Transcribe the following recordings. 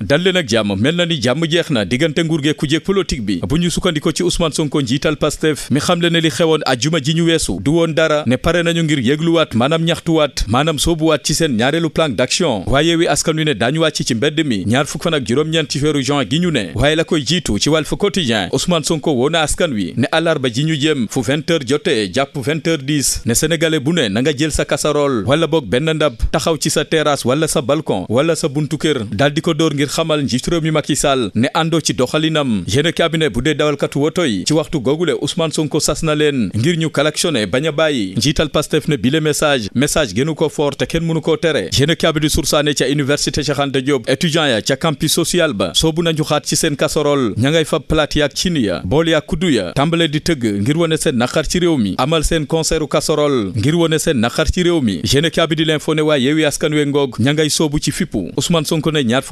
dal leen ak jàmm mel na ni jàmm jeex na diggante nguur gee ku jéeg bi bu ñu sukkandiko ci Ousmane Sonko njiital Pastef mi xam le ne li xewoon ajjuma ji ñu weesu du woon dara ne pare nañu ngir yégluwaat maanaam ñaxtuwaat maanaam soobuwaat ci seen ñaareelu plan d'action waaye wi askan wi ne daañu wàcc ci mbedd mi ñaar fukk fan juróom-ñeent ci weeru juin gi ñu ne waaye la koy jiitu ci Walf Quotidien Ousmane Sonko woo na askan wi ne àllarba ji ñu jëm fu 20 heures jàpp 20 heures 10 ne bu ne na jël sa casserole wala boog benn ndab taxaw ci sa terrasse wala sa balcon wala sa buntu kër dal di ko door ngir xamal njiit réew mi Macky Sall ne àndoo ci doxalinam yéene cabinet bu dee dawalkatu woto ci waxtu googule Ousmane Sonko sas na leen ngir ñu collectionné bañ a bàyyi njiital Pastef ne bile message message gënu ko fort te kenn mënu koo tere yéene cabinet sursaane ca université Cheikh Anta Diop étudiant ya ca campus social ba soobu nañu xaat ci seen kasorol ña ngay fab plate yaak cin ya bool yaak kuddu ya tàmbale di tëgg ngir wone seen naqar ci réew mi amal seen concertu kasorol ngir wone seen naqar ci réew mi yéene cabinet l'info ne waa yeewi askan we ngoog ña ngay soobu ci fippu Ousmane Sonko ne ñaar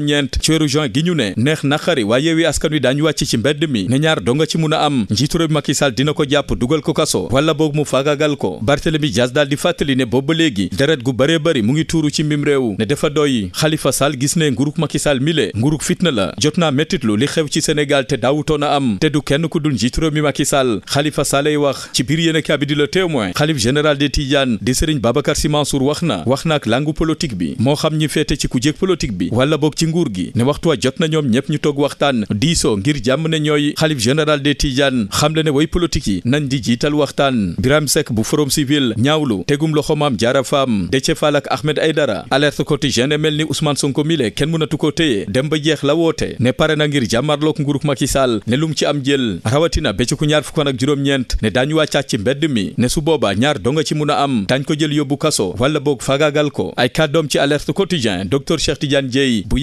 ñeent ci weeru juin gi ñu ne neex naqari waa yeewi askan wi daañu wàcc ci mbedd mi ne ñaar donga ci mun a am njiitu réew Macky Sall dina ko jàpp dugal ko kaso wala boog mu faagagal ko Barthélemy Dias daal di fàttali ne ba léegi deret gu bëree bari mu ngi tuuru ci mbim réew ne dafa doy Khalifa Sall gis ne nguruk Macky Sall mile nguruk fitna la jot na mettitlu li xew ci Sénégal te daawutoon a am te du kenn ku dul njiitu réew mi Macky Sall Khalifa Sall ay wax ci biir yéene kaabidi la témoin xalif général des Tidiane di Serigne Babacar Sy Mansour wax na wax na ak langu bi moo xam ñi féete ci ku jég politique bi wala ci nguur gi ne waxtu wa jot na ñoom ñëpp ñu toog waxtaan diisoo ngir jàmm ne ñooy xalif général des Tidianes xamle ne way politique yi nañ di jiital waxtaan Birame Seck bu Forum Civil ñaawlu tegum loxo Mame Diarra Fam Déthié Fall ak Ahmed Aïdara alerte quotidien mel ni Ousmane Sonko mile kenn mënatu ko téye dem ba jeex la woote ne pare na ngir jàmmarlook nguuruk Macky Sall ne lu mu ci am jël rawatina bécciku ñaar fukk ak juróom-ñeent ne daañu wàccaat ci mbedd mi ne su booba ñaar donga ci mun a am daañ ko jël yóbbu kaso wala boog faagaagal ko ay kàddoom ci alerte quotidien docteur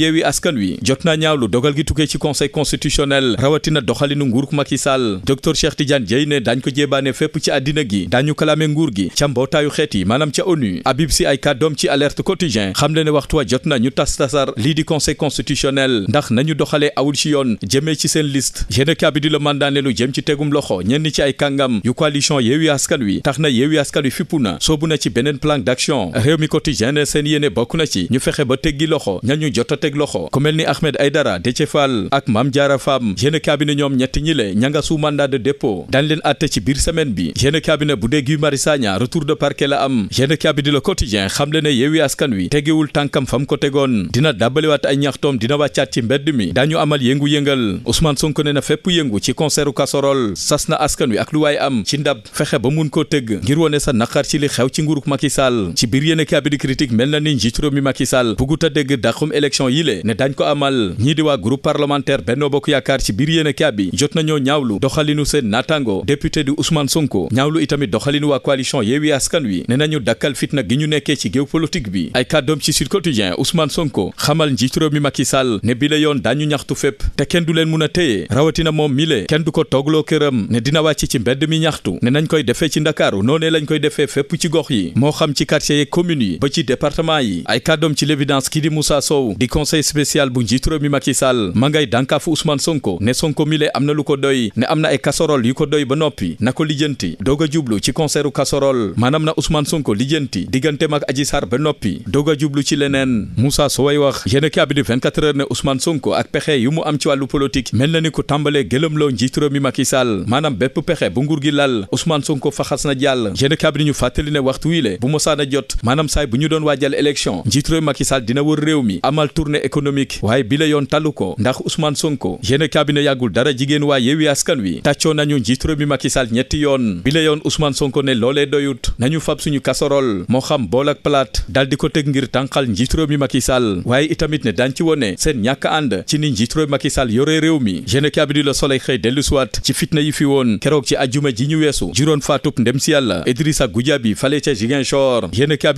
yeewi askan wi jot ci yi maanaam ca ONU Habib Sy ay kàddoom ci alerte quotidien xam le ne na ñu tas tasar lii di conseil constitutionnel ndax nañu doxalee awul ci yoon jëmee ci seen liste yéene kaabi di la mandaane lu jëm ci tegum loxo ñenn ci ay kàngam yu coalition yeewi askan wi tax na yeewi askan wi fippu na soobu na ci beneen plan d'action réew mi quotidien ne seen yéene bokk na ci ñu fexe ba teggi loxo ñañu jot a teg loxo ku mel ni Ahmed Aidara Déthié Fall ak Mame Diarra Fam génn cabinet ñoom ñetti ñi le ña nga de dépôt dañ leen àtte ci biir semaine bi génn cabinet bu dee Guy Marius Sagna retour de parquet la am génn cabinet Le Quotidien xam le ne Askan Wi tegewul tànkam fam ko tegoon dina dàbbaliwaat ay ñaxtoom dina wàccaat ci mbedd mi dañu amal yëngu-yëngal Ousmane Sonko ne na fépp yëngu ci concertu casserole sas na askan wi ak lu waaye am ci ndab fexe ba mun koo tëgg ngir wone sa naqar ci li ci nguuruk Macky Sall ci biir yéen cabinet critique a le ne dañ ko amal ñii groupe parlementaire Benno Bokk Yaakaar ci biir yéene bi jot nañoo ñaawlu doxalinu seen naataango député di Ousmane Sonko ñaawlu itamit doxalinu waa coalition Askan Wi ne nañu dakkal fitna gi ñu nekkee ci géew bi ay kàddoom ci Sud Quotidien Ousmane Sonko xamal njiitu réew ne bi yoon dañu ñaxtu fépp te kenn du leen mun a téye rawatina moom mile kenn du ko toogloo këram ne dina wàcc ci mbedd mi ñaxtu ne conseil spécial bu njiitu mi Macky Sall ma ngay dànkaafu Ousmane Sonko ne Sonko mile am na lu ko doy ne am na ay ba noppi na ko a jublu ci concertu casserole maanaam na a wax yéena ne Ousmane Sonko ak pexe yu mu am ci wàllu politique mel na ni ko tàmbalee gëlëmloo njiitu mi Macky Sall bépp pexe bu nguur gi lal Ousmane Sonko faxas na jàll yéena ñu fàttali ne waxtu wii le bu mosaan a jot maanaam saay bu ñu doon waajal élection njiitu réew dina wër réew mi amal tournée économique waaye bi la yoon tàllu ko ndax Ousmane Sonko yéene cabinet yàggul dara jigéen waa Yewwi Askan Wi tàccoo nañu njiit réew mi Macky ñetti yoon bi la yoon Ousmane Sonko ne loolee doyut nañu fab suñu kasorol moo xam bool palaat dal di ko teg ngir tànqal njiit réew mi Macky Sall waaye itamit ne daan ci wone seen ñàkk ànd ci ni njiit réew Macky Sall yore réew mi yéene cabinet la Soleil xëy dellu ci fitna yi fi woon keroog ci ajuma ji ñu weesu juróon faatub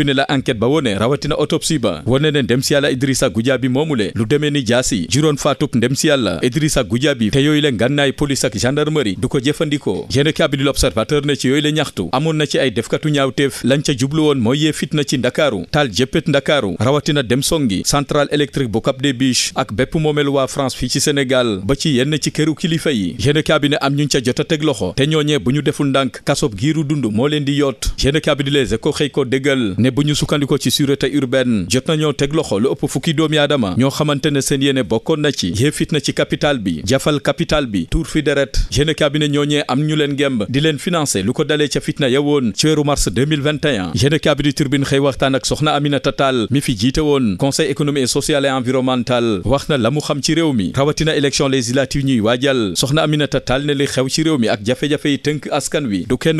la enquête ba wone rawatina autopsie ba moomule lu demee ni jaasi juróon faatub ndem si yàlla Idrissa Goudiaby te yooyu le ngànnaay police ak gendarmerie du ko jëfandikoo yéene kaabi di l'observateur ne ci yooyu le ñaxtu amoon na ci ay defkatu ñaawteef lañ ca jublu mooy yee fitna ci ndakaaru taal jéppét ndakaaru rawatina dem songi centrale électrique bu Cap des ak bépp moomelu waa France fii ci Sénégal ba ci yenn ci këru kilifa yi yéene kaabi ne am ñuñ ca jot a teg loxo te ñooñee bu mouvement ñoo xamante ne seen yéene bokkoon na ci yee fit ci capital bi jafal capital bi tuur deret yéene cabinet ñoo am ñu leen ngemb di leen financé lu ko dalee ca fitna ya ci weeru mars 2021 yéene turbine xëy waxtaan ak soxna Aminata Tall mi fi jiite woon conseil économique et social et environnemental wax na la xam ci réew mi rawatina élection législative ñuy waajal soxna Aminata Tall ne li xew ci réew mi ak jafe-jafe tënk askan wi du kenn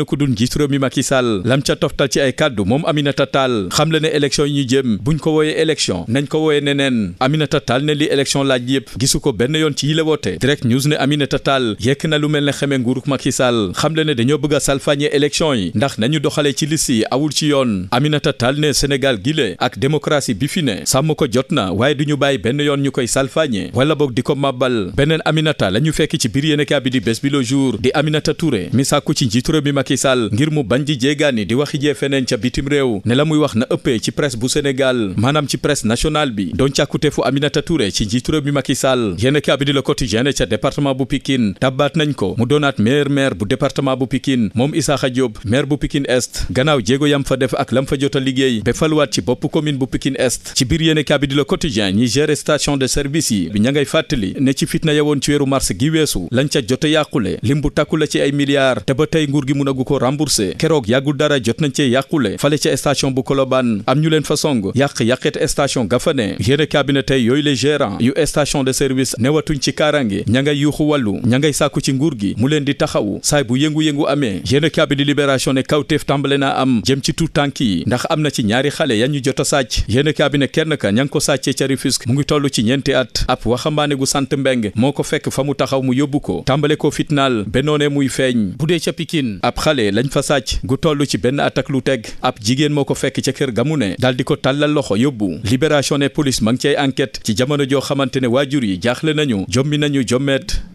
leen Aminata Tall ne li élection laaj yëpp gisu ko benn yoon ci yile woote direct news ne Aminata Tall yekk na lu mel ne xeme nguuruk Macky Sall xam le ne dañoo bëgg a salfaañe élection yi ndax nañu doxale ci lissi yi awul ci yoon Aminata Tall ne Sénégal gile ak démocratie bi fi ne sàmm ko jot na waaye duñu bàyyi benn yoon ñu koy salfaañe wala boog di ko màbbal beneen Aminata la ñu fekk ci biir yéene kaa bi di bés bi le jour di Aminata Touré mi sàkku ci njiitu réew mi Macky Sall ngir mu bañ ji jéegaani di waxi jee feneen ca bitim réew la muy wax na ëppee ci presse bu Sénégal maanaam ci presse nationale bi càkkuteefu Aminata Touré ci njiitu réew mi Macky Sall yéene kaa bi di Le Quotidien ca département bu Pikine tabbaat nañ ko mu doonaat maire maire bu département bu Pikine moom Isaaxa Diop maire bu Pikine Est gannaaw jéego yam fa def ak lam fa jot a liggéey ba faluwaat ci bopp commune bu Pikine Est ci biir yéene kaa bi di Le Quotidien ñi gérer station de service yi bi ña ngay fàttali ne ci fitna yawoon ci weeru mars gi weesu lañ ca jot a yàqule lim bu tàkku la ci ay milliards te ba tey nguur gi mënagu ko remboursé keroog yàggul dara jot nañ cee yàqule fale ca station bu Colobane am ñu leen fa song yàq station gafane yéene bi ne tey yooyu les yu station de service newatuñ ci kaarange ña ngay yuuxu wallu ña ngay sàkku ci nguur gi mu leen di taxawu saay bu yëngu-yëngu amee yéena kaabi di libération ne kawteef tàmbale naa am jëm ci tuut tànk yi ndax am na ci ñaari xale ya ñu jot a sàcc yéena kaabi ne kenn ka ña ngi ko sàccee ca Rufisque mu ngi toll ci ñeenti at ab waxambaane gu sant mbeng moo ko fekk fa mu taxaw mu yóbbu ko tàmbale ko fitnaal benoone muy feeñ bu dee ca Pikine ab xale lañ fa sàcc gu toll ci benn at ak teg ab jigéen moo ko fekk ca kër gamu ne dal di ko tàllal loxo yóbbu enquête ci jamono joo xamante ne waajur yi jaaxle nañu jommi nañu jommeet